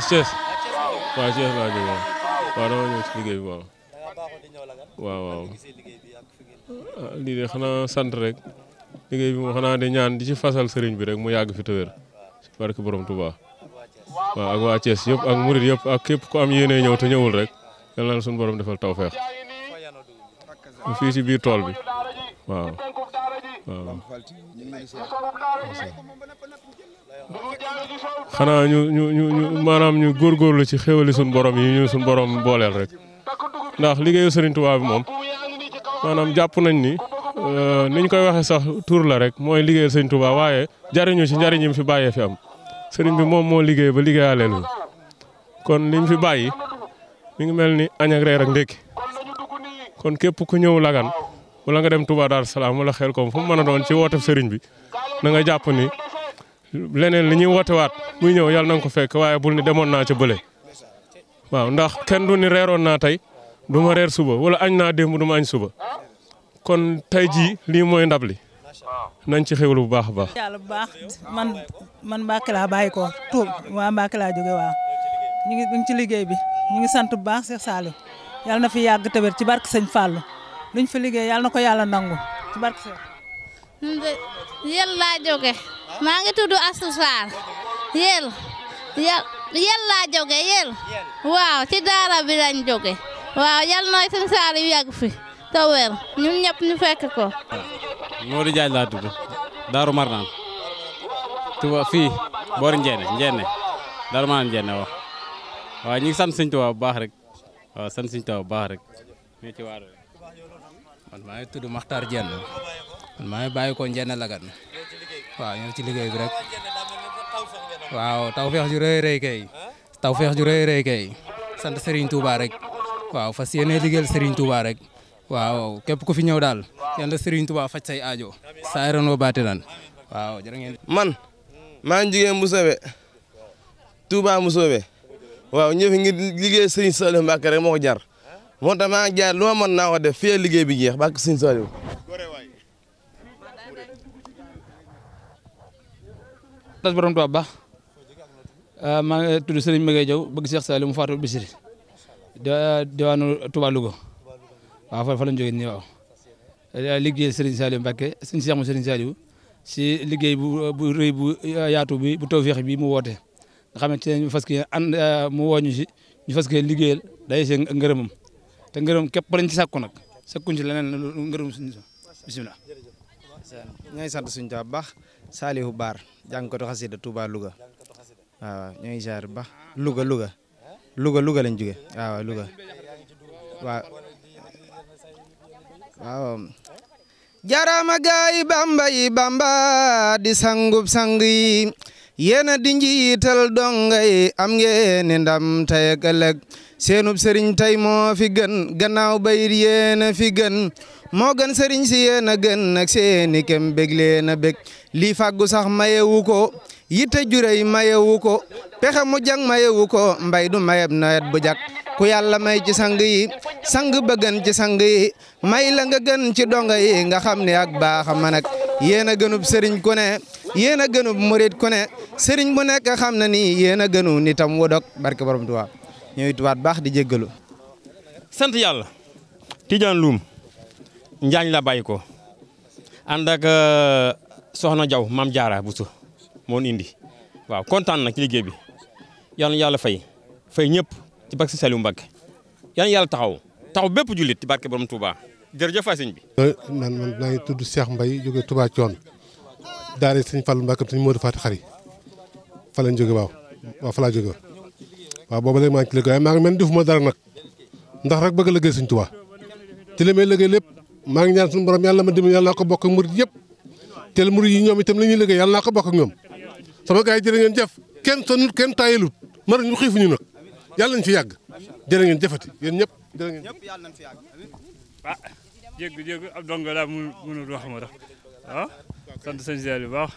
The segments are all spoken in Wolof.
Thiès Thiès waaw Thiès laa jógee waaw dama ñëw ci liggéey bi waaw waaw waaw ah, lii de xanaa sant rek liggéey bi moom xanaa de ñaan di ci fasal sëriñ bi rek mu yàgg fi tëwér ci barke borom Touba waaw ak waa Thiès yëpp ak murit yëpp ak képp ku am yéene ñëw te ñëwul rek yal na suñu borom defal tawfeex fii ci biir tool bi waaw xanaa ñu ñu ñu maanaam ñu góorgóorlu ci xéwali suñu borom yi ñu suñu borom booleel rek ndax liggéeyu Serigne Touba bi moom maanaam jàpp nañ ni euh, niñ koy waxee sax tur la rek mooy liggéeyu Serigne Touba waaye jariñu ci njariñ yi mu fi bàyyee fi am Serigne bi moom moo liggéey ba liggéeyaaleel ñu kon liñ fi bàyyi mi ngi mel ni añ ak reer kon képp ku ñëw lagan wala nga dem Touba Darou Salaam wala xel koom fu mu mën a doon ci wooteb Serigne bi na nga jàpp ni. leneen li ñuy wootewaat muy ñëw yàlla na nga ko fekk waaye bul ni demoon naa ca bële waaw ndax kenn du ni reeroon naa tey du ma reer suba wala añ naa démb du ma añ suba kon tey jii lii mooy ndab li nañ ci xewlu bu baax baax. yàlla bu baax man man Mbacke laa bàyyi ko tuub waa Mbacke laa jóge waaw ñu ngi ci liggéey bi ñu ngi sant bu baax Cheikh Saliou yàlla na fi yàgg tawér ci barke Sëñ Fallou luñ fi liggéey yàlla na ko yàlla nangu ci barke Sëñ. yàlla laa maa ngi tudd Astou yéel yéel laa jóge yéel waaw ci daara bi lañ waaw yal nooy suñu yu yàgg fi te ñun ñëpp ñu fekk ko. Modou Diagne laa tudd Daaru Marnaan tuba fii boori Njéene Njéene Daaru Marnaan Njéene wax waaw ñu ngi sant bu baax rek waaw sant Sëñ bu baax rek ñu ci waaru man maa ngi tudd Makhtar Diène man maa ngi bàyyi ko Njéene Lagane waaw ñoo ci liggéey bi rek waaw tawfeex ju rëy rëy kay tawfeex ju rëy rëy kay sant Serigne rek waaw fas yéene liggéeyal rek waaw képp ku fi ñëw daal yàlla Serigne Touba faj say aajo saa yaranoo baatinan waaw jërë ngeen man maa ngi jigéen Moussoobe Touba Moussoobe waaw ñëw fi ngir liggéey Serigne Saliou Mbacke moo ko jar moo tax maa ngi jaar lu ma mën naa ko def fii liggéey bi tas borom Tuubaa baax ah, maa ngi tudd Serigne Maguette Diaw bëgg Cheikh Saliou mu faatu Bichri diwaanu Touba Louga a fa fa lañ jógee nii waaw eh, liggéey Serigne Saliou Mbacké suñu Cheikh mu Serigne Saliou si liggéey bu bu rëy bu eh, yaatu bi bu tawféex bi mu woote nga xamante ne ñu fas yéene eh, mu woo ñu si ñu fas yéene liggéeyal day see ngërëmam te ngërëm képp lañ ci sàkku nag sàkkuñ ci leneen ngërëm suñu bisimilah. ñooy sant suñu Tuubaa bu Saalihu Baar jàngkatu xasida Touba Louga waaw ñoo ngi ziar ba Louga Louga Louga Louga lañ jóge waaw Louga waaw waaw jarama gaayi bamba yi bamba di sangub sang yi yéena di njiital donga yi am ngeen ndam tey ak ëllëg seenub sëriñ tey moo fi gën gannaaw bayit yéena fi gën moo gën sëriñ si yéen a gën nag seeni kem bég na a bég lii fàggu sax mayewu ko yitte jurey mayewu ko pexe mu jàng mayewu ko mbay du mayeb nawet bu jag ku yàlla may ci sang yi sang ba gën ci sang yi may la nga gën ci donga yi nga xam ni ak baaxa ma nag yéen a gënub sëriñ ku ne yéen a gënub murit ku ne sëriñ bu nekk na ni yéen a gënu nitam wu dog barke borom Tuubaa ñooy tuwaat baax di jéggalu sant yàlla Tijaan Luum Njaañ la bàyyi ko ànd ak euh, soxna Jaw maam Jaara Buso moo indi waaw kontaan na ci liggéey bi yal yàlla fay fay ñëpp ci bak si Saliou Mbacké yal yàlla taxaw taxaw bépp jullit ci barke borom Touba jërëjëf fa sëñ bi. Euh, man tudd seex mbay jógee Touba Thion daara sëñ Fallou Mbacké sëñ Modou Faty Khary fa lañ jóge waaw waaw fa laa jóge waaw booba léegi maa ngi ci liggéey waaye maa dara nag ndax rek bëgg a liggéey sëñ Touba ci li may lépp maa ngi ñaan suñu borom yàlla ma dimbali yàlla naa ko bokk ak murit yëpp te yi ñoom itam la ñuy liggéey yàlla naa ko bokk ak ñoom sama gars yi jërë kenn sonut kenn taayilut mar ñu xiifuñu nag yàlla fi yàgg jërë ngeen jëfati yéen ñëpp jërë ngeen ah jéggi jéggi ab dong laa mu mënul wax ah, bu baax ah waaw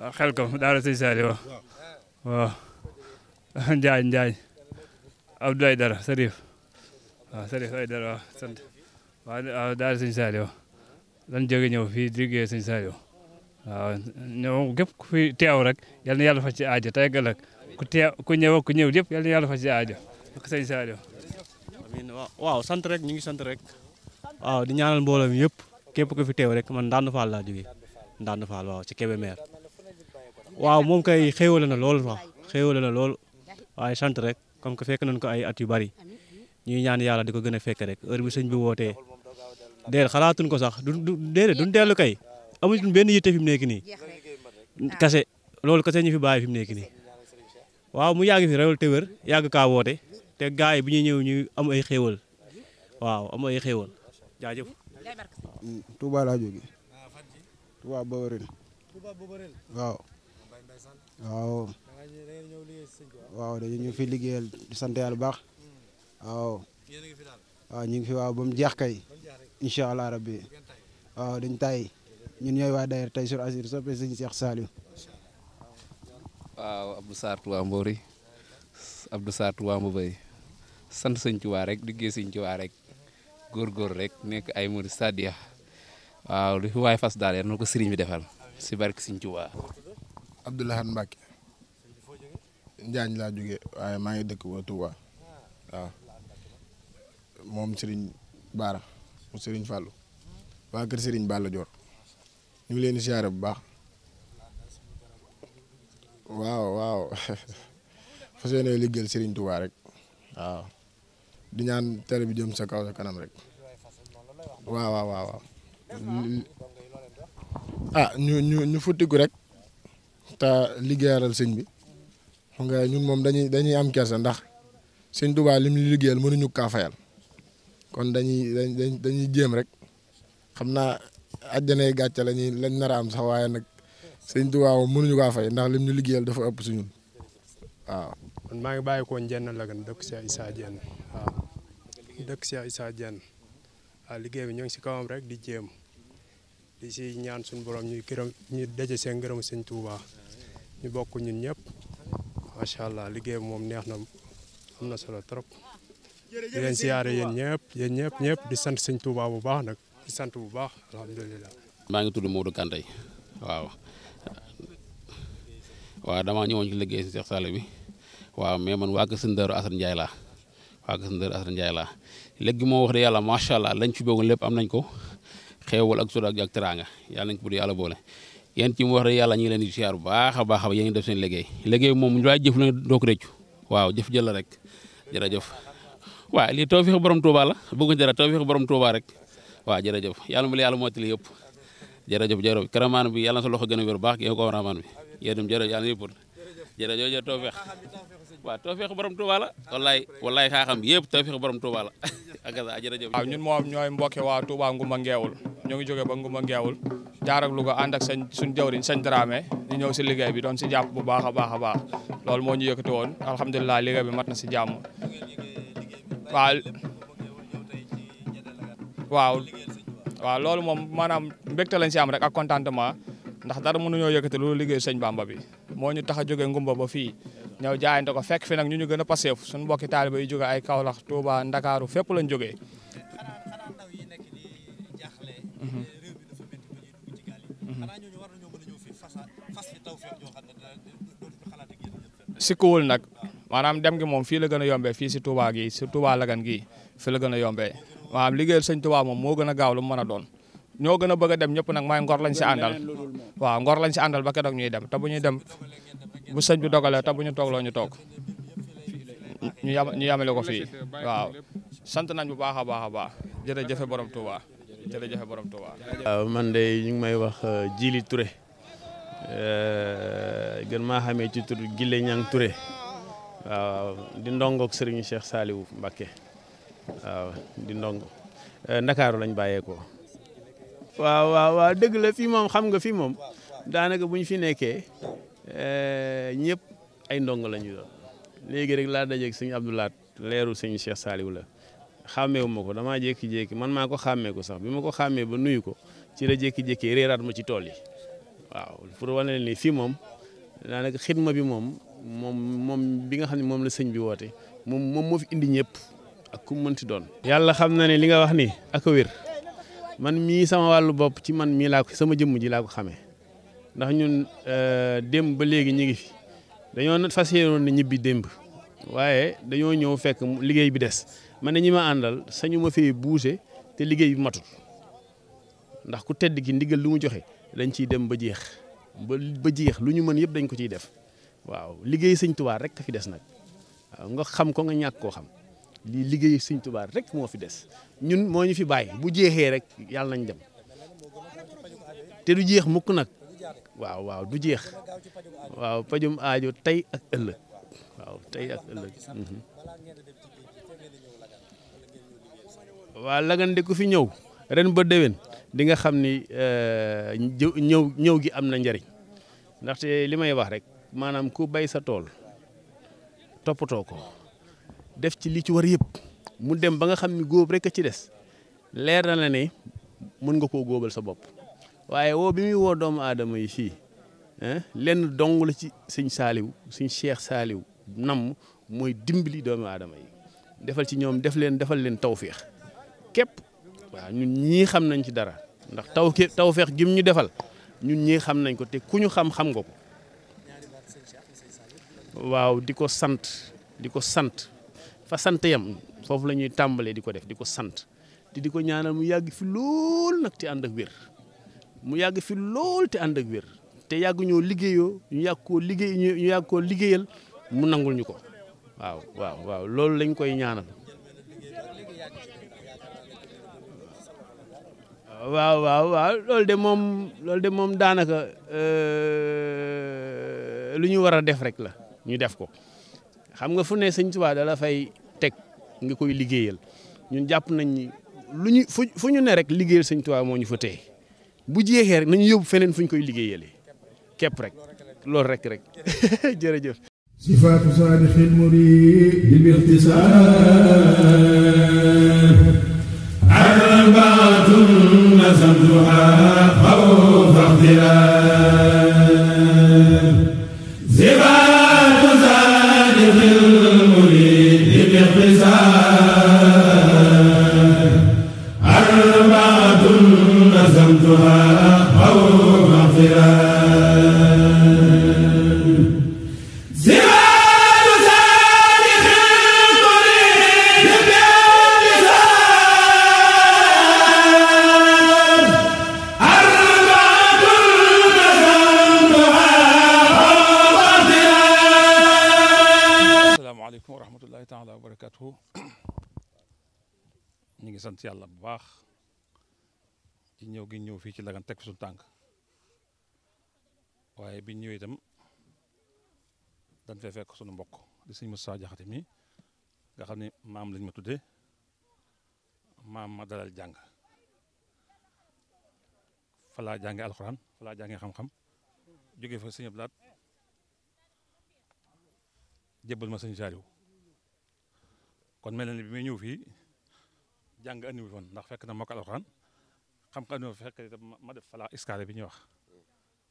ah, xel ko daara sëñ Saliou waaw waaw Njaañ Dara Sarif waaw Salif Aïdara waaw sant waaw daal sëñ Saliou lan jóge ñëw fii liggéey sëñ Saliou waaw ñëw képp ku fi teew rek yal ci aajo tey ëllëg ku teew ku ñëw ku ñëw lépp yal ci aajo ak sëñ sant rek ñu ngi sant rek waaw di ñaanal mbooloo mi yëpp képp ku fi teew rek man Ndande Fall laa jógee Ndande Fall waaw ci lool waaw lool waaye sant rek comme que fekk nañ ko ay at yu bari ñuy ñaan yàlla di ko gën a fekk rek heure bi sëñ bi wootee déedéet xalaatuñ ko sax du du déedéet duñ dellu kay amuñu benn yitte fi mu nekk nii kase loolu kase ñu fi bàyyi fi mu nekk nii waaw mu yàgg fi rewal te wér yàgg kaa woote te gars bi ñuy ñëw ñu am ay xéewal waaw am ay xéewal jaajëf. Touba laa jógee waaw waaw ñu ngi fi waaw ba mu jeex kay incha allah rabbi waaw dañ tay ñun ñooy waa daayira Taysiroul Assir soppe sëñ Cheikh Saliou waaw Abdou Sarr Touba Mbori Abdou Sarr Touba Mbobay sant sëñ Touba rek liggéey sëñ Touba rek góorgóor rek nekk ay murid sadiya waaw li fi waay fas daal yar na ko sëriñ bi defal si barke sëñ Touba Abdoulahat Mbacke Njaañ laa jóge waaye maa ngi dëkk waa Touba waaw moom Serigne Baara mu Serigne Fallou waa kër Serigne Balla Dior ñu leen di siyaare bu baax waaw waaw fas yéene liggéeyal Serigne Touba rek waaw di ñaan télé bi jëm sa kaw sa kanam rek waaw waaw waaw ah ñu ñu ñu futtiku rek te liggéeyalal sëñ bi xam nga ñun moom dañuy dañuy am kersa ndax sëñ Touba lim liggéeyal mënuñu kaa fayal. kon dañuy dañ dañuy jéem rek xam naa àjjanay gàcce la ñuy lañ nar am sax waaye nag sëñ Tuubaa moom mënuñu kaa fay ndax lim ñu liggéeyal dafa ëpp si ñun waaw. maa ngi bàyyi ko Njenn Lagane dëkk Cheikh Issa Diène waaw dëkk Cheikh Issa Diène liggéey bi ñoo ngi si kawam rek di jéem di si ñaan suñu borom ñuy gërëm ñu daje seen ngërëm sëñ Tuuba ñu bokk ñun ñëpp macha allah liggéey bi moom neex na am na solo trop. di leen siyaare yéen ñëpp yéen ñëpp di sant sëñ Touba bu baax nag di sant bu baax maa ngi tudd Modou Kanté waaw waaw damaa ñëwoon ci liggéey si Cheikh Saliou bi waaw mais man waa kër sëñ Darou Assane Ndiaye laa waa kër sëñ Darou Assane laa léegi moo wax de yàlla macha allah lañ ci bëggoon lépp am nañ ko xeewal ak sutura ak teraanga yàlla nañ ko bu dee yàlla boole. yéen ci mu wax de yàlla ñu ngi leen di siyaar bu baax a baax a baax yéen ngi def seen liggéey liggéey moom lu waay jëf la doo ko waaw jëf jël la rek jërëjëf waaw lii tawfeex borom Touba la bëgguñ dara tawfeex borom Touba rek waaw yàlla mu la yàlla mottali yëpp jërëjëf bi yàlla na sa loxo a wér baax ko karamaan bi yéen itam jërëjëf yàlla yëpp jërëjëf jërëjëf tawfeex waaw tawfeex borom Touba la wallaay wallaay xaaxam yëpp tawfeex borom Touba la ak ñun moom ñooy mbokki waa Touba Ngumba Ngeewul ñoo ngi jógee ba Ngumba Ngeewul jaar ak Louga ànd sañ suñ jawriñ sañ Dramé ñu ñëw si liggéey bi doon si jàpp bu baax a baax a baax loolu moo ñu yëkkati woon alhamdulilah liggéey bi mat si jàmm waaw waaw loolu moom maanaam mbégte lañ si am rek ak contentement ndax dara mënuñoo yëkkati loolu liggéey sañ Bamba bi moo ñu tax a jógee ngumba ba fii ñëw jaayante ko fekk fi nag ñu ñu gën a paseef suñu mbokki taal yi jóge ay Kaolack Touba Ndakaaru fépp lañ jógee mhm. sikkuwul nag maanaam dem gi moom fii la gën a yombee fii si Touba gii si Touba Lagane gii fii la gën a yombee maanaam liggéeyal sañ Touba moom moo gën a gaaw lu mu mën a doon ñoo gën a bëgg a dem ñëpp nag mooy ngor lañ si àndal waaw ngor lañ si àndal ba keroog ñuy dem te bu ñuy dem bu sëñ bi dogalee ta bu ñu toog loo ñu toog ñu yam ñu yamale ko fii waaw sant nañ bu baax a baax a baax jërëjëf borom Touba jërëjëf borom Touba. waaw man de ñu ngi may wax Djily euh, ture euh, gën maa xamee ci tur Gile Niang waaw di ndongoog sëriñ Cheikh Saliou Mbacké waaw di ndongo eh, ndakaaru lañ bàyyeekoo. waaw waaw waaw dëgg la fii moom xam nga fii moom daanaka bu ñu fi nekkee eh, ñëpp ay ndongo la ñu doon léegi rek laa dajeeg sëñ Abdoulaat leeru sëñ Cheikh Saliou la xàmmeewu ma ko damaa jékki-jékki man maa ko xàmmee ko sax bi ma ko xàmmee ba nuyu ko ci la jékki-jékki réeraat ma ci tool yi waaw pour wane leen ni moom daanaka xidma bi moom moom moom bi nga xam ne moom la sëñ bi woote moom moom moo fi indi ñëpp ak ku mënti doon. yàlla xam na ne li nga wax ni ak wér man mii sama wàllu bopp ci man mii laa ko sama jëmm ji laa ko xame ndax ñun euh, démb ba léegi ñu ngi fi dañoo nat fas yéenoon na ñibbi démb waaye dañoo ñëw fekk liggéey bi des man ne ñi ma àndal sañu ma fee buuse te liggéey bi matul ndax ku tedd gi ndigal lu mu joxe dañ ciy dem ba jeex ba ba jeex lu ñu mën yëpp dañ ko ciy def. waaw liggéey sëñ Tuubaa rek ka fi des nag waaw nga xam ko nga ñàkk koo xam lii liggéey sëñ Tuubaa rek moo fi des ñun moo ñu fi bàyyi bu jeexee rek yàlla nañ dem te du jeex mukk nag waaw waaw du jeex waaw pajum aajo tey ak ëllëg waaw tey ak ëllëg mhm. lagan de ku fi ñëw ren ba dewen di nga xam ni euh, ñëw ñëw gi am na njariñ ndaxte li may wax rek maanaam ku bay sa tool toppatoo ko def ci li ci war yëpp mu dem ba nga xam ni góob rek a ci des leer na la ne mën nga koo góobal sa bopp waaye woo bi muy woo doomu aadama yi si lenn dong la ci suñ saaliw suñ Cheikh saaliw nam mooy dimbali doomu aadama yi defal ci ñoom def leen defal leen tawféex képp waaw ñun ñii xam nañ ci dara ndax taw tawféex gim ñu defal ñun ñii xam nañ ko te ku ñu xam xam nga waaw di ko sant di ko sant fa sant yam foofu la ñuy tàmbalee di ko def di ko sant te di ko ñaanal mu yàgg fi lool nag te ànd ak wér mu yàgg fi lool te ànd ak wér te yàgg ñoo liggéeyoo ñu yàgg koo liggéeyal mu nangul ñu ko waaw waaw waaw loolu lañ koy ñaanal waaw waaw waaw loolu de moom loolu de moom daanaka euh, lu ñu war a def rek la ñu def ko xam nga fu ne sëñ Tuubaa dala fay teg nga koy liggéeyal ñun jàpp nañ ni lu ñu fu ñu ne rek liggéeyal sëñ Tuubaa moo ñu fa téye bu jeexee rek nañu yóbbu feneen fu ñu koy liggéeyalee képp rek loolu rek rek jërëjëf. sifaatu saadixil muriid bil ixtisaar arbaatun nasamtuhaa xawfa ixtilaaf sant yàlla bu baax ci ñëw gi ñëw fii ci laga teg fi suñu tànk waaye bi ñëwee tam dañ fee fekk suñu mbokk di sëñ Moussa Diakhaté mi nga xam ne maam lañ ma tudde maam ma dalal jàng fa laa jàngee alxuraan fa laa xam-xam jóge fa sëñ Abdou Lahad ma sëñ Saliou kon mel ni bi may ñëw fii jàng andi woon ndax fekk na mokkal alxuraan xam nga andi fekk ma def fala iskaale bi ñuy wax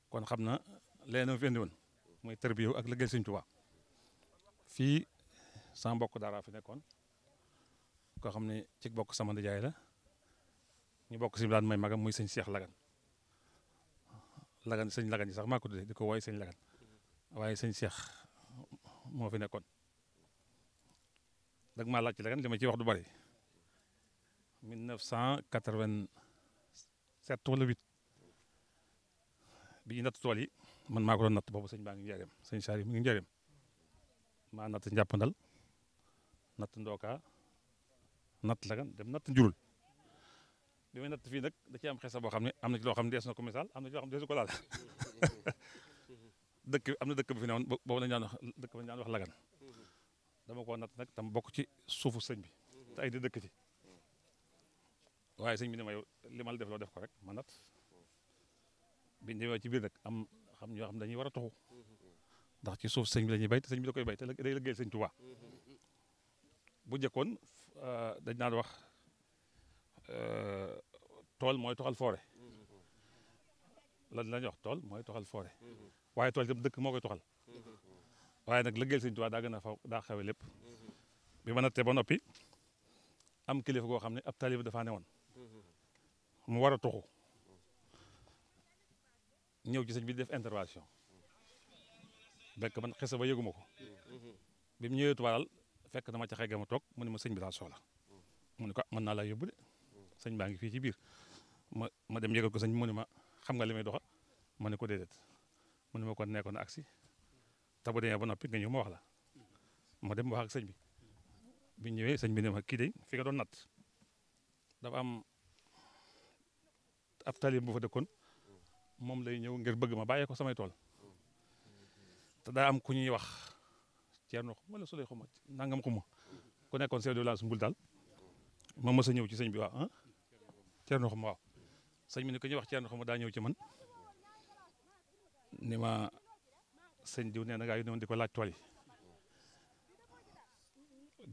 kon xam na leneen fi andi woon mooy tërbiyew ak liggéey Sëñ Tuubaa fii sama mbokk daara fi nekkoon koo xam ne ci bokk sama nijaay ñu bokk si daan may maga muy sëñ Seex Lagan Lagan sëñ Lagan sax maa ko tuddee di ko woowee sëñ Lagan waaye sëñ Seex moo fi nekkoon dag maa laaj ci ciy wax du bari 1987 wala 8 bi ñu natt tool yi man maa ko doon natt boobu sëñ baa ngi njëriñam sëñ Saari mu ngi njëriñam maa natt njàppandal natt ndooka natt lagan dem natt njurul bi may natt fii nag da ciy am xesa boo xam ne am na ci loo xam ne dees na ko misaal am na ci loo xam ne ko laal dëkk am na dëkk bu fi newoon boobu lañu daan wax lagan uhuh. dama ko natt nag tam bokk ci suufu sëñ bi te ay di dëkk ci waaye sëñ bi ne ma yow def loo def ko rek ma nat biñ demee ci biir nag am xam ñoo xam dañuy war a tuxu ndax ci suuf sëñ bi la ñuy béy te sëñ bi da koy béy te day liggéeyal sëñ Tuubaa bu njëkkoon euh, dañ naan euh, wax tool mooy toxal foore lan la wax tool mooy toxal foore waaye tool itam dëkk moo koy toxal waaye nag liggéeyal sëñ Tuubaa daa gën a faw daa xawe lépp bi ma nattee ba noppi am kilifa goo xam ne ab taalibe dafa ne woon mu war a tuxu ñëw ci sëñ bi def intervention bekk man xese ba yëguma ko bi mu ñëwee tubaaral fekk dama ca xëy ma toog mu ne ma sëñ bi laa soxla mu ne ko ah, mën naa laa yóbbu de sëñ baa ngi fii ci biir ma ma dem yëgal ko sëñ bi mu ne ma xam nga li may doxa ma ne ko déedéet mu ne ma ko nekkoon aksi te bu ba noppi nga ñëw ma wax la ma dem wax ak sëñ bi bi ñëwee sëñ bi ne ma kii de natt ab taalibe bu fa dëkkoon moom lay ñëw ngir bëgg ma bàyyee ko samay tool te daa am ku ñuy wax Ceerno xuma la Suley xuma nangam xuma ku nekkoon chef de village Mbul daal ñëw ci sëñ bi wa ah Ceerno xuma waaw sëñ bi ne ko ñuy wax Ceerno xuma daa ñëw ci man ni ma sëñ diw nee na gaa yi ko laaj tool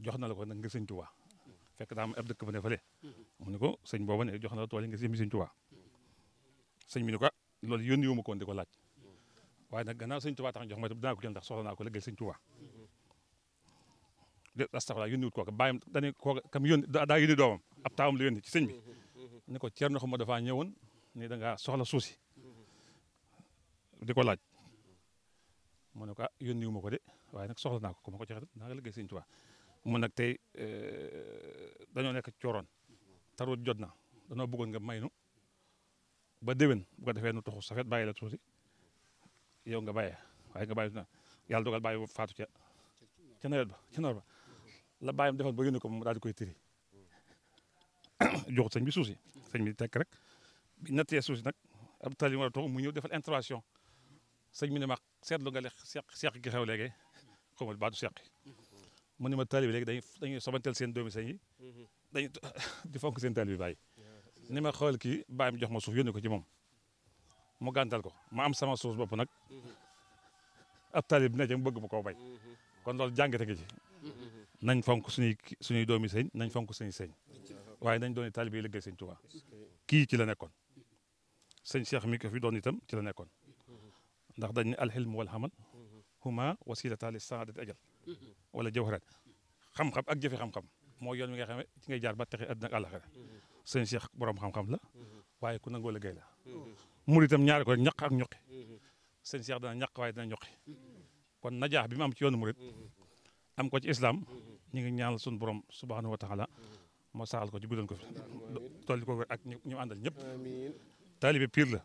jox na la ko nag ngir sëñ Tuubaa fekk daa am ab dëkk bu ne fële mu ne ko sëñ booba ne jox na la tool yi ngir sëñ Tuubaa sëñ bi ni ko loolu yónni wu ko woon laaj waaye nag gannaaw sëñ Tuubaa tax jox ma dinaa ko jël ndax soxla naa ko liggéey sëñ Tuubaa de astaxfirullah yónni wut kooka bàyyam dañu kooka kam yónni daa yónni doomam ab taawam la yónni ci sëñ bi ni ko ceerno xam ma dafaa ñëwoon ni da ngaa soxla suuf si ko laaj mu ne ko ah yónni ma ko de waaye nag soxla naa ko ku ma ko joxe dinaa ko liggéey sëñ Tuubaa mu nag tey eh, dañoo nekk cooroon tarut jot na danoo bëggoon nga may nu ba déwén bu ko defee nu tuxu safet bàyyi la tuuti yow nga bàyyee waaye nga bàyyi yàlla dogal bàyyi faatu ca ca nawet ba ca noor ba la bàyyam defoon ba yónni ko moom daal di koy tiri joxut sëñ bi suusi si sëñ bi tekk rek bi nattee suuf si nag ab tali mu ñëw defal intervention sëñ bi ne ma seetlu nga le seq seq gi xew léegi xaw ma baatu seq mu ne ma tali bi léegi dañuy dañuy sobantel seen doomi sëñ yi mm-hmm. dañuy di fonk seen tali bi ni ma xool kii bàyyi ma jox ma suuf yónni ko ci moom mu gàntal ko ma am sama suuf bopp nag ab taalib ne mu bëgg ma koo bay kon loolu jàngate gi ji nañ fonk suñuy suñuy doomi sëñ nañ fonk suñuy sëñ waaye nañ doon taalib yi liggéey sëñ Tuubaa kii ci la nekkoon sëñ Cheikh mi ko fi doon itam ci la nekkoon ndax dañ ne alxilm wal xamal huma wasilata li saadat ajal wala jawharat xam-xam ak jëfe xam-xam moo yoon wi nga xam ne ci ngay jaar ba texe àddina ak àllaxira sëñ Cheikh borom xam-xam la mm-hmm. waaye ku nangoo liggéey la mm-hmm. mur itam ñaari ko rek ak ñoqi sëñ Cheikh dana ñaq waaye dina ñoqi mm-hmm. kon najaax bi ma am ci yoonu murit am ko ci islam ñu ngi ñaanal suñu borom subhanahu wa taala moo saxal ko ci guddal ko fi dolli ko ak ñu àndal ñëpp taalibe piir la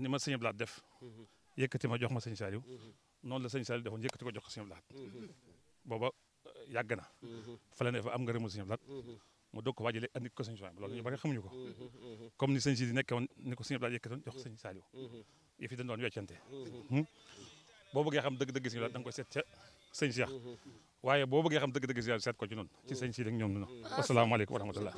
ni ma sëñ Blaat def yëkkati ma jox ma sëñ Saliou noonu la sëñ Saliou defoon yëkkati ko jox ko sëñ Blaat booba eh, yàgg na fa am nga rëmu sëñ Blaat mu doog ko waajale andi ko sëñ Souhaïbou loolu ñu bari xamuñu ko mm-hmm, mm-hmm. comme ni sëñ si di nekkee woon ni ko sëñ Abdoulaye yëkkatoon jox sëñ Saliou mm-hmm. yëf yi dañ doon weccante hmm? boo bëggee xam dëgg-dëgg sëñ Abdoulaye da nga koy seet ca sëñ Cheikh waaye boo bëggee xam dëgg-dëgg sëñ Abdoulaye seet ko ci noonu ci sëñ si rek ñoom noonu asalaamaaleykum wa rahmatullah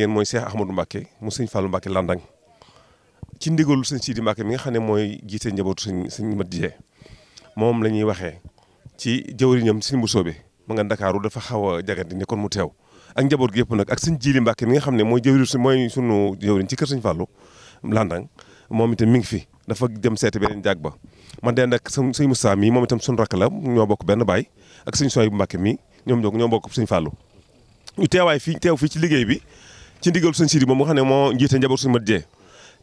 yéen mooy Cheikh Ahmadou Mbacke mu sëñ Fallou Mbacke Landang ci ndigalu sëñ Sidi Mbacke mi nga xam ne mooy jiite njabootu sëñ sëñ Mat Dieng moom la ñuy waxee ci jëwriñam sëñ Bousso bi ma nga Ndakaaru dafa xaw a jagandi ne kon mu teew ak njaboot yëpp nag ak sëñ Jili Mbacke mi nga xam ne mooy jëwriñ su mooy sunu jëwriñ ci kër sëñ Fallou Landang moom itam mi ngi fi dafa dem seeti beneen jàg ba man deen ak sëñ Moussa mii moom itam sunu rakk la ñoo bokk benn baay ak sëñ Soy bu Mbacke mii ñoom ñoo ñoo bokk suñ Fallou ñu teewaay fii teew fii ci liggéey bi ci ndigal sëñ Sidi moom nga xam ne moo njiite njaboot sëñ Mat Jee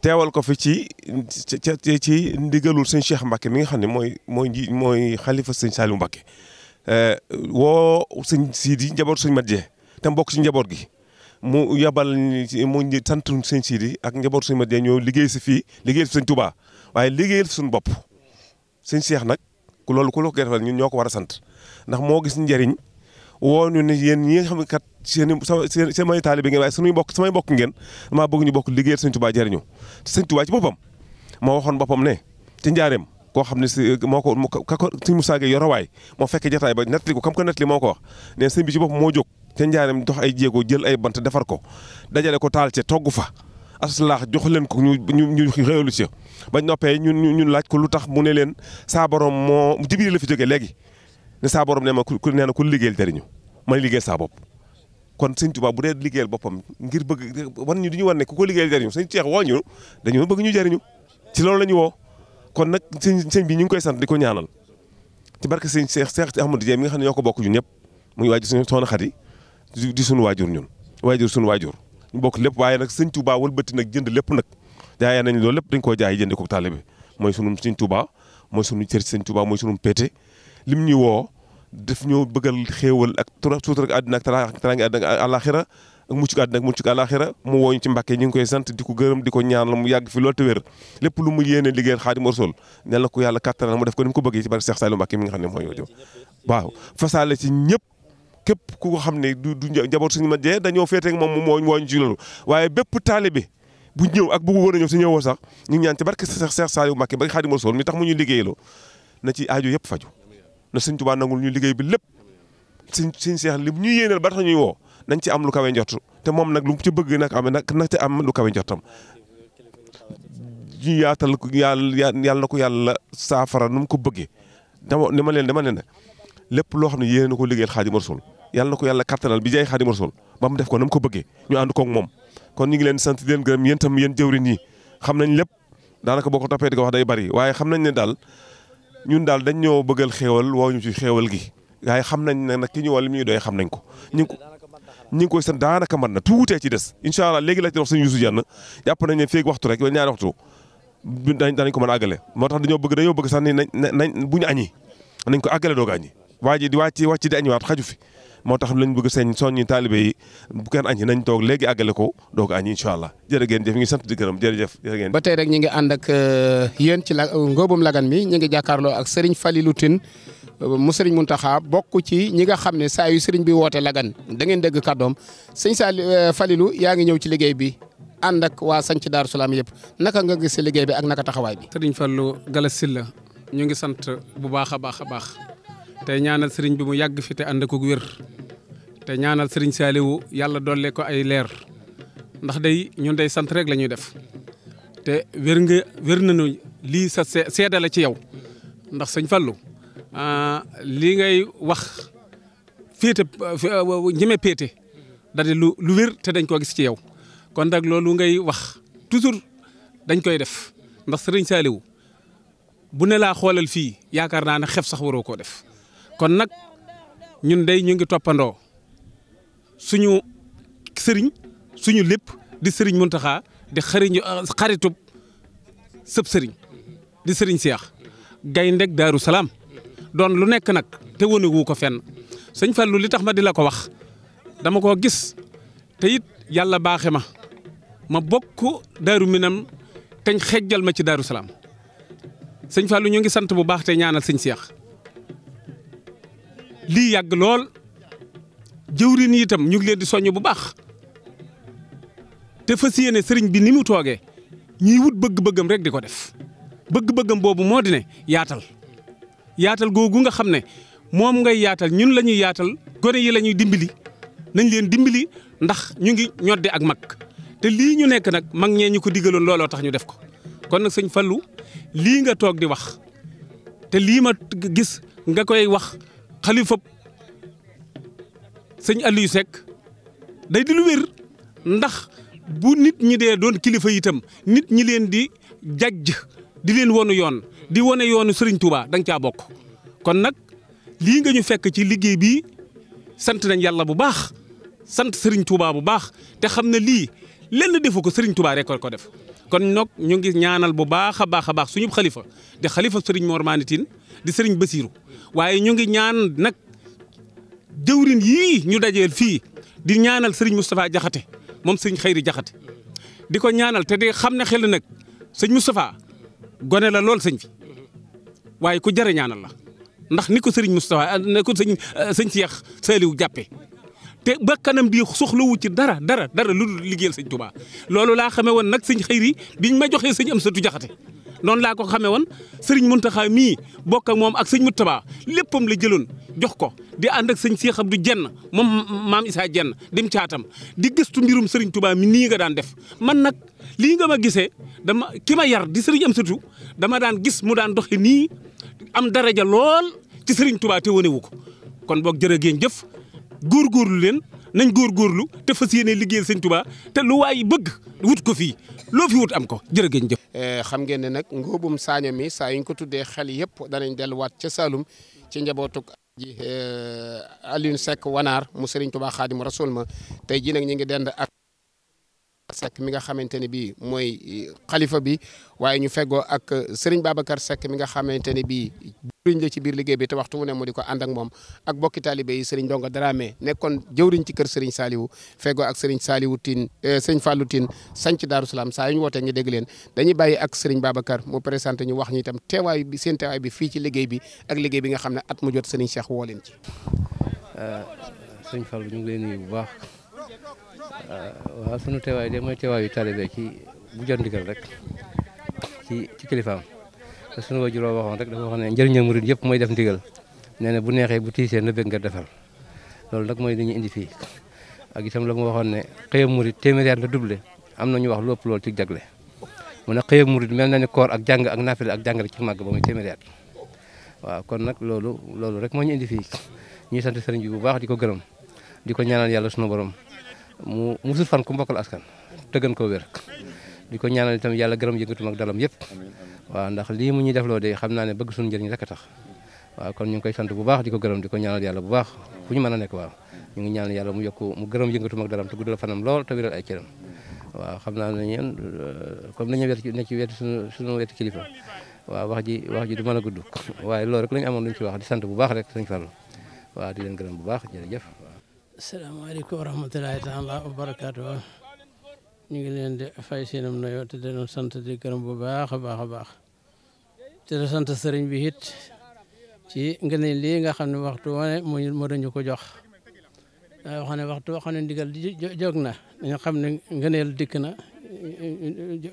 teewal ko fi ci ci ndigalul sëñ Cheikh Mbacke mi nga xam ne mooy mooy nji mooy xalifa sëñ Saliou Mbacke euh, woo sëñ Sidi njaboot sëñ Mat Jee te mbokk ci njaboot gi mu yabal mu sant sëñ Sidi ak njaboot sëñ Mat Jee ñoo liggéey si fii liggéey si sëñ Touba waaye liggéeyal suñu bopp sëñ Cheikh nag ku loolu ku la ko defal ñun ñoo ko war a sant ndax moo gis njëriñ woo ñu ne yéen ñi nga xam ne kat seen i samay taalibe ngeen waaye suñuy bokk samay mbokk ngeen damaa bëgg ñu bokk liggéeyal sëñ Tuubaa jëriñu te sëñ Tuubaa ci boppam moo waxoon boppam ne ci njaareem koo xam ne si moo ko ka ko sëñ Musaa Gey yorowaay moo fekkee jotaay ba nettali ko kam ko nettali moo ko wax ne sëñ bi ci boppam moo jóg te njaareem dox ay jéego jël ay bant defar ko dajale ko taal ca togg fa aslaax jox leen ko ñu ñu réewlu ci ba noppee ñun ñun laaj ko lu tax mu ne leen saa borom moo Jibril la fi jógee léegi ne saa borom ne ma ku nee na ku liggéeyal jariñu man liggéeyal saa bopp kon sëñ Tuubaa bu dee liggéeyal boppam ngir bëgg wan ñu du ñu wan ne ku ko liggéeyal jariñu sëñ Cheikh woo ñu dañu bëgg ñu jariñu si loolu la ñu woo kon nag sëñ sëñ bi ñu ngi koy sant di ko ñaanal ci barke sëñ Cheikh Cheikh Ahmadou Dieng mi nga xam ne ñoo ko bokk ñun ñëpp muy waajur suñu soxna Xadi di suñu waajur ñun waajur suñu waajur ñu bokk lépp waaye nag sëñ Tuubaa wëlbati nag jënd lépp nag jaayee nañ loolu lépp dañ koo jaay jënd ko taalibe mooy sunu sëñ Tuubaa mooy sunu cër sëñ Tuubaa mooy lim ñu woo daf ñoo bëggal xéewal ak tura suutar ak àddina ak taraangi àddina ak àllaaxira ak muccuk àddina ak muccuk àllaaxira mu wooñ ci mbàkke ñu ngi sant di ko gërëm di ko ñaan la mu yàgg fi loolu te lu mu yéene liggéeyal Xaadimu Rasuul ñal na ko yàlla kattanal mu def ko ni mu ko bëggee ci bari Seex Saaliu Mbàkke mi xam ne mooy wajoo waaw fasaale ci ñëpp képp ku jee dañoo féete ak moom mu mooñ wooñ ci loolu waaye bépp taalibe bu ñëw ak bu ko war a ñëw si ñëwoo sax ñu ngi ñaan ci barke Seex Saaliu Mbàkke bari Xaadimu Rasuul mi tax mu ñu liggéeyloo na ci aajo yëpp faju na sëñ Tuubaa nangul ñu liggéey bi lépp sëñ sëñ Seex li ñuy yéenal ba tax ñuy woo nañ ci am lu kawe njot te moom nag lu mu ci bëgg nag amee nag nag ci am lu kawe njortam ñu yaatal ko yàlla yàlla ko yàlla saafara nu mu ko bëggee dama ni ma leen dama ne ne lépp loo xam ne yéene na ko liggéeyal Xaadimu Rasuul yàlla na ko yàlla kattanal bi jaay Xaadimu Rasuul ba mu def ko na mu ko bëggee ñu ànd koog moom kon ñu ngi leen sant di leen gërëm tam yéen jëwrin nii xam nañ lépp daanaka boo ko toppee di ko wax day bari waaye xam nañ ne daal ñun daal dañ ñoo bëggal xéewal woo ñu ci xéewal gi waaye xam nañ ne nag ki ñu woo li ñuy doy xam nañ ko ñu ko ñu ngi koy sant daanaka mën na tuutee ci des incha allah léegi la ci wax sëñ Youssou Diagne jàpp nañ ne féeg waxtu rek wala waxtu dañ dañ ko mën a àggale moo tax dañoo bëgg dañoo bëgg sax ni nañ nañ bu ñu añi nañ ko àggale doog añi waa ji di wàcc wàcc di waat xaju fi moo tax lañ bëgg seen soññi taalibe yi bu kenn añi nañ toog léegi àggale ko doog añ incha allah jërë ngeen jëf ñu ngi sant di gërëm jërëjëf jërë ngeen ba tey rek ñu ngi ànd ak euh, yéen ci la ngóobum lagan mi ñu ngi jàkkaarloo ak sëriñ falilu Tine euh, mu Serigne Mountakha bokk ci ñi nga xam ne saa yu Serigne bi woote lagan da ngeen dégg kàddoom sëñ Saliou euh, Falilou yaa ngi ñëw ci liggéey bi ànd ak waa sanc Daaru Salaam yëpp naka nga gis liggéey bi ak naka taxawaay bi. Serigne Fallou Gala Sylla ñu ngi sant bu baax a baax a baax tey ñaanal Serigne bi mu yàgg fi te ànd ak te ñaanal Serigne Saliou yàlla dolle ko ay leer ndax day ñun day sant rek la def te wér nga wér nañu lii sa seede la ci yow ndax sëñ Fallou ah, lii ngay wax féete ñeme péete da di lu lu wér te dañ koo gis ci yow kon nag loolu ngay wax toujours dañ koy def ndax Serigne saaliwu bu ne laa xoolal fii yaakaar naa ne xef sax waroo koo def kon nag ñun dey ñu ngi toppandoo. suñu sëriñ suñu lépp di sëriñ Muntaxa di xariñu xaritub sëb sëriñ di sëriñ Seex gayndeg Daaru Salaam doon lu nekk nag te wënewu ko fenn sëñ Fallu li tax ma di la ko wax dama ko gis te yàlla baaxe ma ma bokk Daaru Minam teñ xejjal ma ci Daaru Salaam sëñ Fallu ñu ngi sant bu baax te ñaanal sëñ Seex lii yàgg lool jëwrin yi itam ñu ngi leen di soññ bu baax te fas yéene sëriñ bi ni mu toogee ñuy wut bëgg-bëggam rek di ko def bëgg-bëggam boobu moo di ne yaatal yaatal googu nga xam ne moom ngay yaatal ñun la ñuy yaatal gone yi la ñuy dimbali nañ leen dimbali ndax ñu ngi ñoddi ak mag te lii ñu nekk nag mag ñee ñu ko digaloon looloo tax ñu def ko kon nag sëñ Fallou lii nga toog di wax te lii ma gis nga koy wax xalifa sëñ Aliou Seck day di lu wér ndax bu nit ñi dee doon kilifa itam nit ñi leen di jajj di leen wonu yoon di wane yoonu sëriñ Touba da nga caa bokk kon nag lii nga ñu fekk ci liggéey bi sant nañ yàlla bu baax sant Serigne Touba bu baax te xam ne lii lenn defu ko Serigne Touba rek ko def. kon nag ñu ngi ñaanal bu baax a baax a baax suñu xalifa di xalifa Serigne Mor Maane di sëriñ Basirou waaye ñu ngi ñaan nag. jëwrin yii ñu dajeel fii di ñaanal sëriñ Moustapha Jaxate moom sëriñ Xayri Jaxate di ko ñaanal te di xam ne xel nag sëñ Moustapha gone la lool sëñ fi waaye ku jërë ñaanal la ndax ni ko sëriñ Moustapha ne ko sëñ eh, sëñ Seex Saaliw jàppee te ba kanam di soxlawu ci dara dara dara lu liggéeyal sëñ Touba loolu laa xamee woon nag sëñ Xayri biñ ma joxee sëñ sëtu Jaxate noonu laa ko xamee woon sëriñ Muntaxa mii bokk ak moom ak sëñ Mutaba léppam la jëloon jox ko di ànd ak sëñ Seex Abdu Jenn moom maam Isaa Jenn dim caatam di gëstu mbirum sëriñ Tuubaa mi nii nga daan def man nag lii nga ma gisee dama ki ma yar di sëriñ Amsatu dama daan gis mu daan doxi nii am daraja lool ci sëriñ Tuubaa te wane wu ko kon boog jërë ngeen jëf góor góorlu leen nañ góorgóorlu te fas yéene liggéeyal sëñ Tuubaa te lu waay bëgg wut ko fii loo fi wut am ko jërë ngeen jëf. Eh, xam ngeen ne nag ngoobum saaño mi saa yuñ ko tuddee xel yëpp danañ delluwaat ca Saalum ci njabootuk ji eh, Alioune Seck Wanaar mu Serigne Touba Khadim Rasoul ma tey jii nag ñu ngi dend ak. Seck mi nga xamante ne bii mooy e, xalifa bi waaye ñu feggoo ak e, Serigne Babacar Seck mi nga xamante ne bii jëwriñ la ci biir liggéey bi te waxtu wu ne mu di ko ànd ak moom ak bokki taalibe yi Serigne Donga Dramé nekkoon jëwriñ ci kër Serigne Saliou feggoo ak Serigne Saliou Tine e, Serigne Fallou Tine sanc Daaru Salaam saa yu ñu wootee ngi dégg leen dañuy bàyyi ak Serigne Babacar mu présenté ñu wax ñu itam teewaay bi seen teewaay bi fii ci liggéey bi ak liggéey bi nga xam ne at mu jot Serigne Cheikh woo leen ci. Euh, Serigne Fallou ñu ngi leen nuyu bu baax waaw sunu teewaay de mooy teewaayu taalibe ci bu jot ndigal rek ci ci kilifaam te sunu wajur la waxoon rek dafa wax ne njëriñam murid yëpp mooy def ndigal nee na bu neexee bu tiisee na bëgg nga defar loolu nag mooy li ñu indi fii ak itam la mu waxoon ne xëyam murid téeméeri at la doublé am na ñu wax lu ëpp loolu ci jagle mu ne xëyam murid mel na ne koor ak jàng ak naafila ak jàng rek ci màgg ba muy téeméeri at waaw kon nag loolu rek moo ñu indi fii bu baax di ko gërëm di ko ñaanal yàlla sunu borom mu musul fan ku mbokkal askan te gën koo wér di ko ñaanal itam yàlla gërëm yëngatu ak dalam yëpp waaw ndax lii mu ñuy loo de xam naa ne bëgg suñu njëriñ rek a tax waaw kon ñu ngi koy sant bu baax di ko gërëm di ko ñaanal yàlla bu baax fu ñu mën a nekk waaw ñu ngi ñaanal yàlla mu yokk mu gërëm yëngatu ak dalam te guddal fanam lool te wéral ay cëram waaw xam naa ne ñeen euh, comme nañu wet ne ci wet suñu suñu wet kilifa waaw wax ji wax ji du mën a gudd waaye lool rek amoon luñ ci wax di sant bu baax rek sëñ Fallou waaw di leen gërëm bu baax jërëjëf salaamaaleykum wa rahmatulahi taala wa barakaatu ñu ngi leen di fay seenam nuyoo te di leen sant di gërëm bu baax a baax a baax te di sant sëriñ bi it ci nga li nga xam ne waxtu wane moo dañu ko jox wax ne waxtu wax ne ndigal jóg na ñu xam ne ngëneel dikk na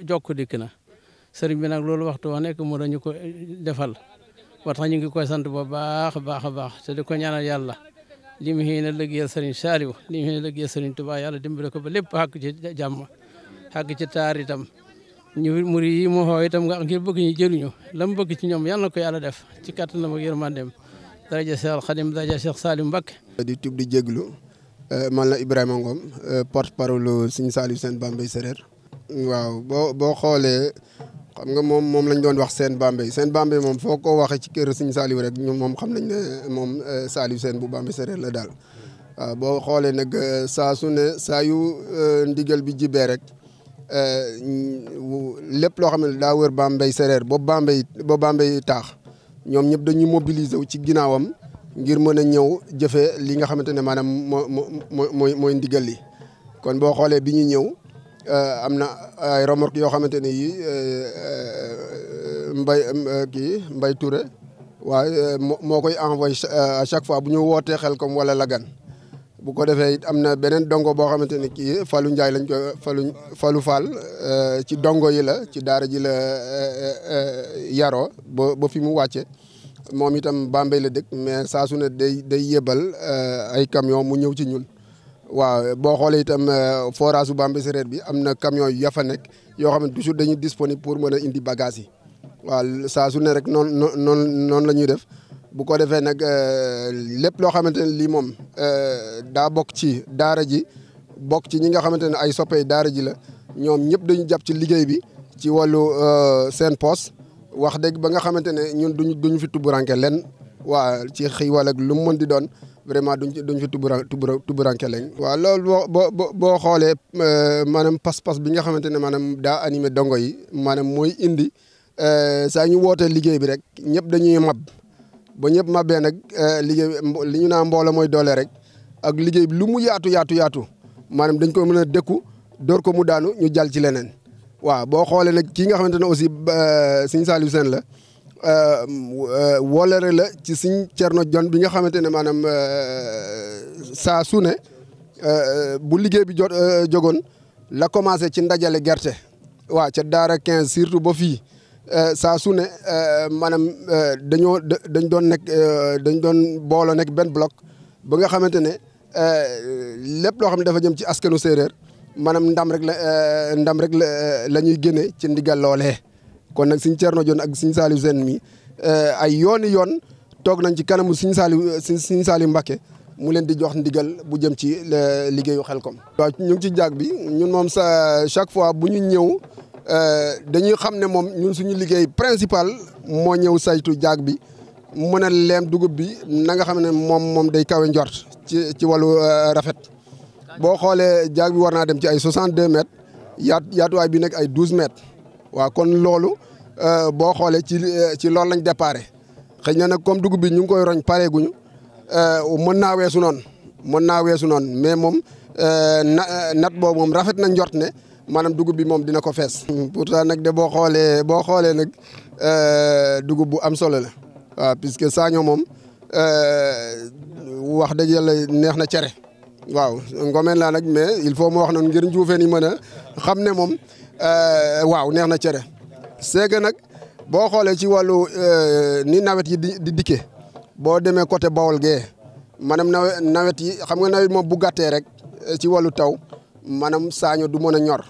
jokk dikk na sëriñ bi nag loolu waxtu wax nekk moo dañu ko defal ba tax ñu ngi koy sant bu baax a baax a baax te di ko ñaanal yàlla li mu xëy na liggéeyal Serigne Saliou li mu xëy na liggéeyal Serigne Touba yàlla dimbale ko ba lépp xàkk ci jàmm xàkk ci taar itam ñu muri yi mu itam nga ngir bëgg ñu jëriñu lam bëgg ci ñoom yàlla na ko yàlla def ci kattanam ak yërmandeem daraja Cheikh Khadim daraja Cheikh Saliou Mbacké di tub di jéglu eh, man la Ibrahima Ngom eh, porte parole Serigne Saliou Sène Bambey Séréer waaw boo xoolee xam nga moom moom lañ doon wax seen Bambey seen Bambey moom foo ko waxee ci kër Sëñ Saliou rek ñun moom xam nañ ne moom euh, Saliou seen bu Bambey séeréer la daal. boo xoolee nag euh, saa su ne saa yu euh, ndigal bi jibee rek lépp loo xam ne daa wër Bambey sereer ba Bambey ba Bambey taax ñoom ñëpp dañuy mobiliser wu ci ginnaawam ngir mën a ñëw jëfee li nga xamante ne maanaam moo moo mooy ndigal li kon boo xoolee bi ñu ñëw. am na ay remorque yoo xamante ne yii eh, eh, Mbaye eh, kii Mbaye Touré waaye moo koy envoyé à chaque fois bu ñu wootee xel comme wala Lagane bu ko defee it am na beneen dongo boo xamante ne kii Fallou Ndiaye lañ ko falu Fallou Fall ci dongo yi la ci daara ji la yaro ba fi mu wàcce moom itam Bambey la dëkk mais saa su day day yebal ay camion mu ñëw ci ñun. waaw boo xoolee itam euh, forage bu Bambey Sereer bi am na camion yu yafa nekk yoo xam ne toujours dañuy disponible pour mën a indi bagage yi waaw rek noonu noonu noonu la ñuy def bu ko defee nag euh, lépp loo xamante ne lii moom euh, daa bokk ci daara ji bokk ci ñi nga xamante ne ay soppey daara ji la ñoom ñëpp dañu jàpp ci liggéey bi ci wàllu seen poos wax dëgg ba nga xamante ne ñun duñu duñu fi tuburanke lenn waa ci xiiwal ak lu mu mën di doon vraiment duñ duñ fi tuburan tuburanke lañ waaw loolu boo boo boo xoolee euh, maanaam pas-pas bi nga xamante ne maanaam daa animé dongo yi maanaam mooy indi euh, saa ñu wootee liggéey bi rek ñëpp dañuy mab ba ñëpp mabbee nag euh, liggéey li ñu naan mbooloo mooy doole rek ak liggéey bi lu mu yaatu yaatu yaatu maanaam dañ ko mën a dëkku door ko mu daanu ñu jàll ci leneen waaw boo xoolee nag kii nga xamante ne aussi Sëñ Saliou Sène la Euh, euh, wolere la ci sëñ Cerno Jon bi nga xamante ne maanaam euh, saa sune ne bu liggéey bi jot jogoon la commencé ci ndajale gerte waa ca daara quinze surtout ba fii saa sune ne maanaam dañoo dañ doon nekk dañ doon boolo nekk benn bloc ba nga xamante ne lépp loo xam ne dafa jëm ci askanu séeréer maanaam ndam rek la ndam rek la la ñuy génne ci ndigal loolee. kon nag suñ Thierno Dione ak suñ Saliou Sène mi eh, ay yooni yoon toog nañ ci kanamu suñ saali suñ Saliou Mbacké mu leen di jox ndigal bu jëm ci liggéeyu Xelcom. waaw ñu ngi ci jaag bi ñun moom sa chaque fois bu ñu ñëw eh, dañuy xam ne moom ñun suñu liggéey principal moo ñëw saytu jàg bi mën a leem dugub bi na nga xam ne moom moom day kawe njort ci ci wàllu eh, rafet. boo xoolee jaag bi war naa dem ci ay 62 mètres yaat yaatuwaay bi nekk ay 12 waaw kon loolu euh, boo xoolee ci euh, ci loolu lañ déparé xëy na nag comme dugub bi ñu ngi koy roñ paree guñu euh, mën naa weesu noon mën naa weesu noon mais moom na nat boobu moom rafet na njort ne maanaam dugub bi moom dina ko fees. pourtant nag de boo xoolee boo xoolee nag dugub bu am solo la waaw puisque Saño moom wax dëgg yàlla neex na cere waaw ngomeen laa nag mais il faut moo wax noonu ngir njuufeen yi mën a xam ne moom. Euh, waaw neex na cere c'est que nag boo xoolee ci wàllu euh, ni nawet yi di dikke boo demee côté Bawol gee maanaam nawet nawet yi xam nga nawet moom bu gàttee rek euh, ci wàllu taw maanaam saaño du mën a ñor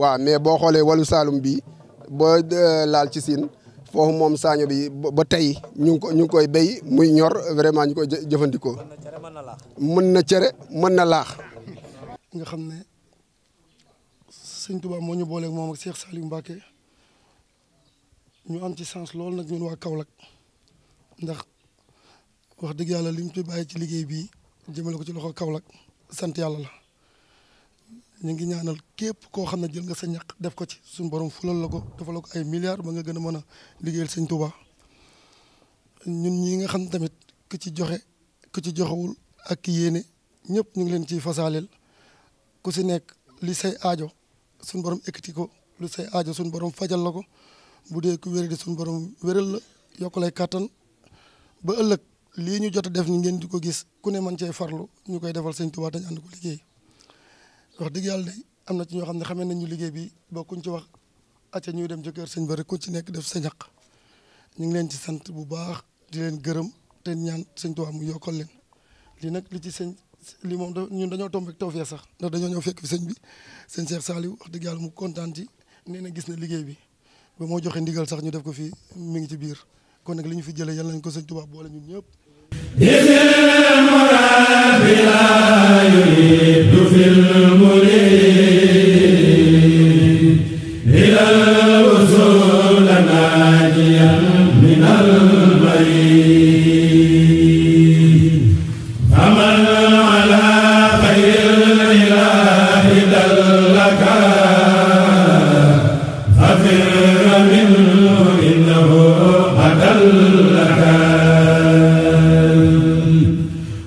waaw mais boo xoolee wàllu Saalum bi boo laal ci siin foofu moom saaño bi ba tey ñu ngi ko ñu ngi koy béy muy ñor vraiment ñu koy jëfandikoo. mën na cere mën na laax. nga xam ne. sëñ Touba moo ñu booleeg moom ak Cheikh Saliou Mbacké ñu am ci sens loolu nag ñun waa Kaolack ndax wax dëgg yàlla liñ ci bàyyi ci liggéey bii jëmale ko ci loxo Kaolack sant yàlla la ñu ngi ñaanal képp koo xam ne jël nga sa ñaq def ko ci suñ borom fulal la ko defal ko ay milliards ba nga gën a mën a liggéeyal sëñ Touba ñun ñi nga xam tamit ku ci joxe ku ci joxewul ak yéene ñëpp ñu ngi leen ciy fasaaleel ku si nekk li say aajo suñu borom ekkati ko lu say aajo suñu borom fajal la ko bu dee ku wéré di borom wéral la yokk lay kàttan ba ëllëg lii ñu jot def ni ngeen di ko gis ku ne man cee farlu ñu koy defal sëñ Tuubaa dañu ànd ko liggéey wax dëgg yàlla de am na ci ñoo xam ne xamee nañu liggéey bi boo kuñ ci wax acca ñuy dem ci kër sëñ bari kuñ ci nekk def sa ñu ngi leen ci sant bu baax di leen gërëm te ñaan sëñ Tuubaa mu yokkal leen lii nag li ci sëñ lii moom ñun dañoo tomb ak tawfeex sax ndax dañoo ñëw fekk fi sëñ bi sëñ Cheikh Saliou wax dëgg yàlla mu kontaan ci na gis na liggéey bi ba moo joxe ndigal sax ñu def ko fi mi ngi ci biir kon nag li ñu fi jëlee yal nañ ko sëñ Tuubaa boole ñun ñëpp ilal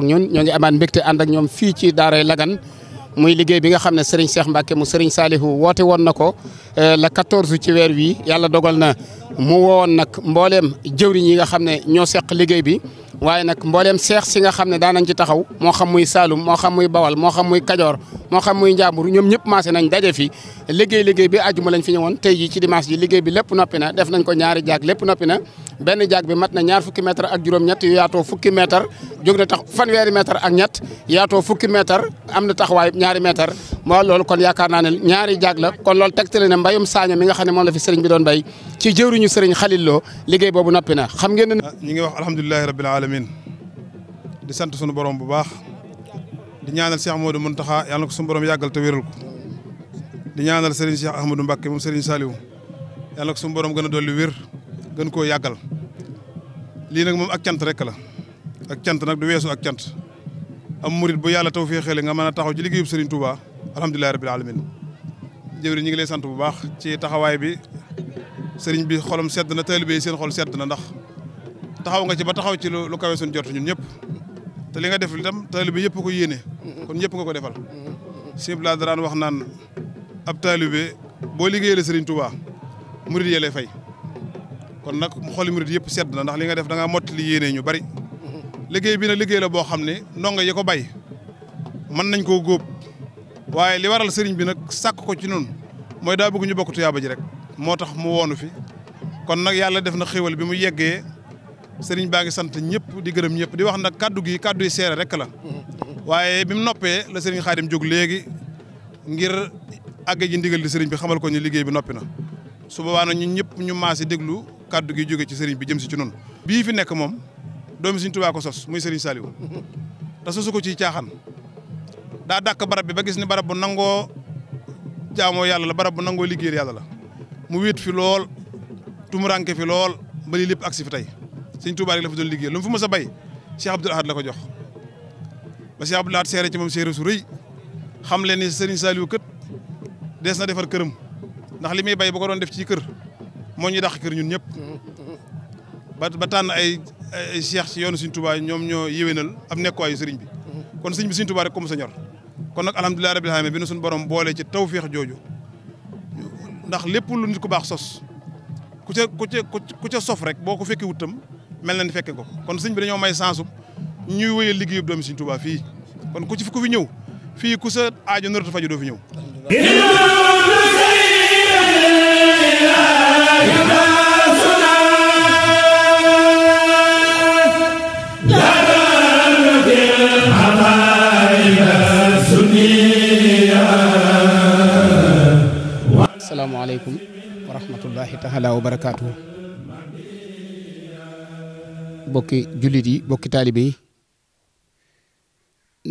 jàkkaarloog ñun ñoo ngi amaat mbégte ànd ak ñoom fii ci daaray lagan muy liggéey bi nga xam ne Serigne Cheikh Mbacke mu Serigne Salihu woote woon na ko euh, la 14 ci weer wi yàlla dogal na mu wowoon nag mbooleem jëwriñ yi nga xam ne ñoo seq liggéey bi waaye nag mbooleem seex si nga xam ne daanañ ci taxaw moo xam muy Saalum moo xam muy Bawal moo xam muy Kajoor moo xam muy njàmbur ñoom ñëpp maase nañ daje fi liggéey liggéey bi àjjuma lañ fi ñëwoon tey ji ci dimanche ji liggéey bi lépp noppi na def nañ ko ñaari jaag lépp noppi na benn jaag bi mat na ñaar fukki ak juróom-ñett yu yaatoo fukki na tax fanweeri ak ñett yaatoo fukki mètre am na taxawaay ñaari mètre moo loolu kon yaakaar naa ne ñaari jaag la kon loolu tegtale ne mbayum saaña mi nga xam ne moom la fi sëriñ bi doon bay ci jëwriñu sëriñ Xalil Lo liggéey boobu noppi na xam ngeen ne ah, ñu ngi wax alhamdulilahi rabbil alamin di sant sunu boroom bu baax di ñaanal Cheikh Amadou Mountakha yàlla na ko suñu borom yàggal te wéral ko di ñaanal Serigne Cheikh Ahmadou Mbacké moom Serigne Saliou yàlla na ko suñu borom gën a dolli wér gën koo yàggal lii nag moom ak cant rek la ak cant nag du weesu ak cant am murit bu yàlla taw fee xele nga mën a taxaw ci liggéeyub Serigne Touba alhamdulilahi rabbil alamin jëwri ñi ngi lay sant bu baax ci taxawaay bi sëriñ bi xolam sedd na taalibe yi seen xol sedd na ndax taxaw nga ci ba taxaw ci lu kawe suñ jot ñëpp te li nga def itam taalibe yëpp ko yéene. kon ñëpp nga ko defal. Sëñ Blas daraan wax naan ab taalibe boo liggéeyale Serigne Touba murid yee lay fay kon nag xooli murid yëpp sedd na ndax li nga def da ngaa yéenee ñu bari. liggéey bi nag liggéey la boo xam ne ndongo yi ko bay mën nañ koo góob waaye li waral sëriñ bi nag sakk ko ci noonu mooy daa bëgg ñu bokk tuyaaba ji rek moo tax mu woonu fi kon nag yàlla def na xéwal bi mu yeggee. sëriñ baa ngi sant ñëpp di gërëm ñëpp di wax nag kaddu gi kaddu yi seere rek la waaye bi mu noppee la sëriñ Xaadim jóg léegi ngir àgg ji ndigal li sëriñ bi xamal ko ni liggéey bi noppi na su boobaa nag ñun ñëpp ñu maasi déglu kaddu gi jóge ci sëriñ bi jëm si ci noonu. bii fi nekk moom doomi Sëriñ Tuubaa ko sos muy sëriñ Saliou te sosu ko ciy daa dàkk barab bi ba gis ni barab bu nangoo jaamoo yàlla la barab bu nangoo liggéey yàlla la mu wéet fi lool tumuranke fi lool ba lépp agsi tey sëñ Touba rek la fa doon liggéey lu mu fi mos a bay Cheikh Abdoul Ahad la ko jox ba Cheikh la Ahad seere ci moom seere su rëy xam leen ni Serigne Saliou kët des na defar këram ndax li muy bay ba ko doon def ci kër moo ñuy dàq kër ñun ñëpp ba ba tànn ay ay cheikh ci yoonu Serigne Touba ñoom ñoo yéwénal am nekkuwaayu Serigne bi kon Serigne bi Serigne Touba rek comme sa ñor kon nag alhamdulilah rabbil bi nu suñu borom boole ci tawféex jooju ndax lépp lu nit ku baax sos ku ca ku ku ca sof rek boo ko fekkee wutam mel na ni fekke ko kon sëñ bi dañoo may sensu ñuy wéyal liggéeyub doomi sëñ Tuubaa fii kon ku ci ku fi ñëw fii ku sa aajo narata faju doo fi ñëw asalaamaaleykum wa rahmatullahi taala wa barakaatu bokki jullit yi bokki taalibe yi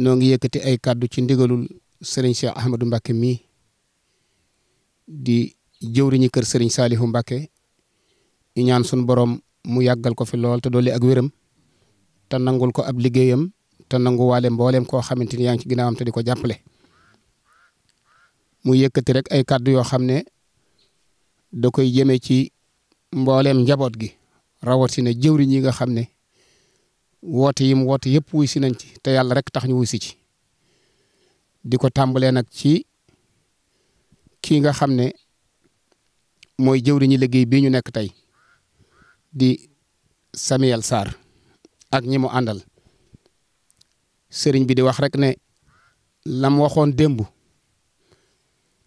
noo ngi yëkkati ay kàddu ci ndigalul sëriñ Cheikh Ahmadou Mbacké mii di jëwriñu kër sëriñ Saalihu Mbacké ñu ñaan sun borom mu yàggal ko fi lool te dolli ak wéram te nangul ko ab liggéeyam te nangu waale mbooleem koo xamante ni yaa ngi ci ginnaawam te di ko jàppale mu yëkkati rek ay kàddu yoo xam ne da koy jëmee ci mbooleem njaboot gi rawatina jëwriñ yi nga xam ne woote yim woote yëpp wuy si nañ ci te yàlla rek tax ñu wuy si ci di ko tàmbalee nag ci ki nga xam ne mooy jëwriñi liggéey bii ñu nekk tey di Samuel Sarr ak ñi mu àndal sëriñ bi di wax rek ne lam waxoon démb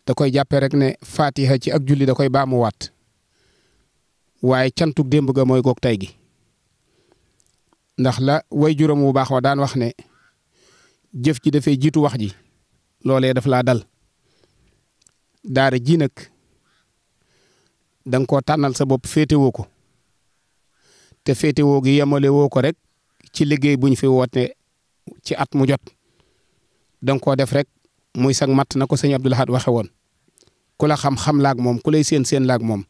da koy jàppee rek ne fatiha ci ak julli da koy baamuwaat waaye cantuk démb ga mooy goog tey gi ndax la way juróom wu baax wa daan wax ne jëf ji dafay jiitu wax ji loole daf laa dal daara ji nag danga koo tànnal sa bopp féetewoo ko te féetewoo gi yemale woo ko rek ci liggéey buñ fi woote ci at mu jot dan koo def rek muy sag matt na ko sëñ Abdul waxe woon ku la xam-xam laag moom ku lay seen seen laag moom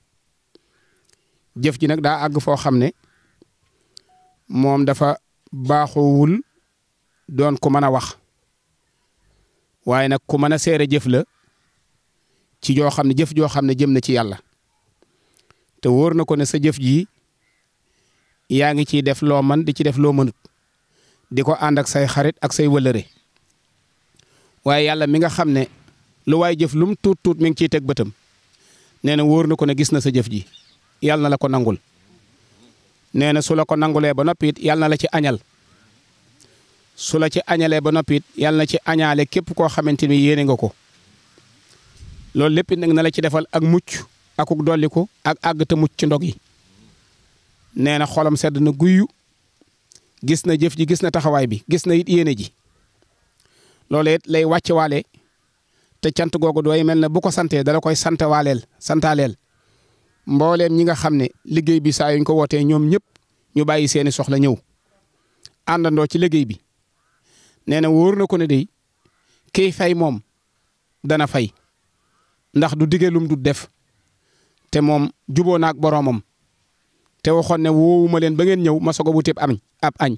jëf ji nag daa àgg foo xam ne moom dafa baaxoowul doon ku mën a wax waaye nag ku mën a seere jëf la ci joo xam ne jëf joo xam ne jëm na ci yàlla te wóor na ko ne sa jëf ji yaa ngi ciy def loo man di ci def loo mënut di ko ànd ak say xarit ak say wëlëre waaye yàlla mi nga xam ne lu waay jëf lum tuut tuut mi ngi ciy teg bëtam nee na wóor na ko ne gis na sa jëf ji yàlla na la ko nangul nee na su la ko nangulee ba noppiit it yàlla na la ci añal su la ci añalee ba noppiit it yàlla na ci añaale képp koo xamante ni yéene nga ko loolu lépp nag na la ci defal ak mucc akuk dolliku ak àgg te mucc ci ndog yi nee na xolam sedd na guyy gis na jëf ji gis na taxawaay bi gis na it yéene ji loolu it lay wàcce waale te cant googu dooy mel ne bu ko santee dala koy sant waaleel santaaleel mbooleem ñi nga xam ne liggéey bi saa yuñ ko wootee ñoom ñëpp ñu bàyyi seeni soxla ñëw àndandoo ci liggéey bi nee na wóor na ko ne day kiy fay moom dana fay ndax du diggee lum du def te moom juboo naag boroomam te waxoon ne woowuma leen ba ngeen ñëw ma sogo bu am ab añ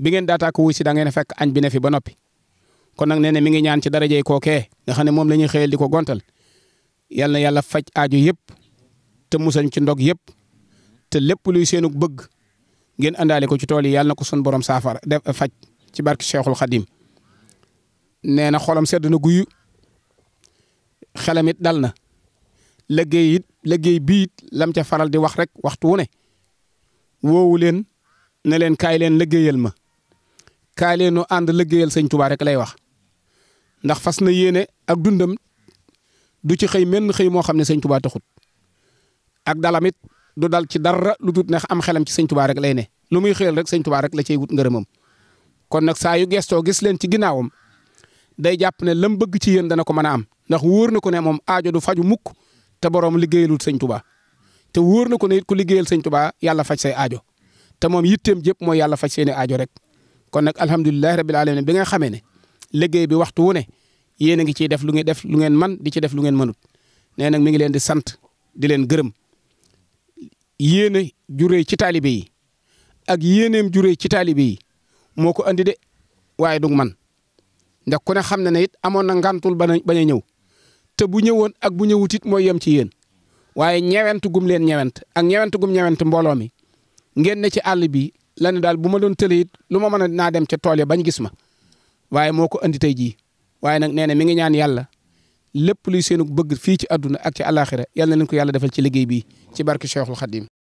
bi ngeen daataa ko si da ngeen fekk añ bi ne fi ba noppi kon nag nee na mi ngi ñaan ci darajey kookee nga xam ne moom la ñuy xëyal di ko gontal yal na yàlla faj aaju yëpp te musañ ci ndog yëpp te lépp luy seenug bëgg ngeen àndaale ko ci tool yi yàlla na ko sun boroom saafara def faj ci barke Cheikhul Khadim nee na xolam sedd na guyu xelam dal na liggéey it liggéey bii lam ca faral di wax rek waxtu wu ne woowu leen ne leen kaay leen liggéeyal ma kaay leen nu ànd liggéeyal sëñ Tuubaa rek lay wax ndax fas na yéene ak dundam du ci xëy menn xëy moo xam ne sëñ Tuubaa taxut ak dalamit du dal ci dara lu dul neex am xelam ci sëñ Tuubaa rek lay ne lu muy xëyal rek sëñ Tuubaa rek la cay wut ngërëmam kon nag saa yu gestoo gis leen ci ginnaawam day jàpp ne lam bëgg ci yéen dana ko mën a am ndax wóor na ko ne moom aajo du faju mukk te boroom liggéeyalul sëñ Tuubaa te wóor na ko ne it ku liggéeyal sëñ Tuubaa yàlla faj say aajo te moom yitteem jëpp mooy yàlla faj seeni aajo rek kon nag alhamdulilahi rabil alamin bi nga xamee ne liggéey bi waxtu wu ne yéen a ngi ciy def lu ngeen def lu ngeen man di ci def lu ngeen mënut nee nag mi ngi leen di sant di leen gërëm yéene juree ci taalibe yi ak yéeneem juree ci taalibe yi moo ko andi de waaye du man ndax ku ne xam na ne it amoon na ngantul bañ bañ ñëw te bu ñëwoon ak bu ñëwut it mooy yem ci yéen waaye ñewent gum leen ñewent ak ñewent gum ñewent mbooloo mi ngeen ne ci àll bi la daal bu ma doon tëlee it lu ma mën a naa dem ca tool ya bañ gis ma waaye moo ko andi tey jii waaye nag nee mi ngi ñaan yàlla lépp luy seenu bëgg fii ci àdduna ak ci àllaaxira yal na leen ko yàlla defal ci liggéey bi ci barke Cheikhul Khadim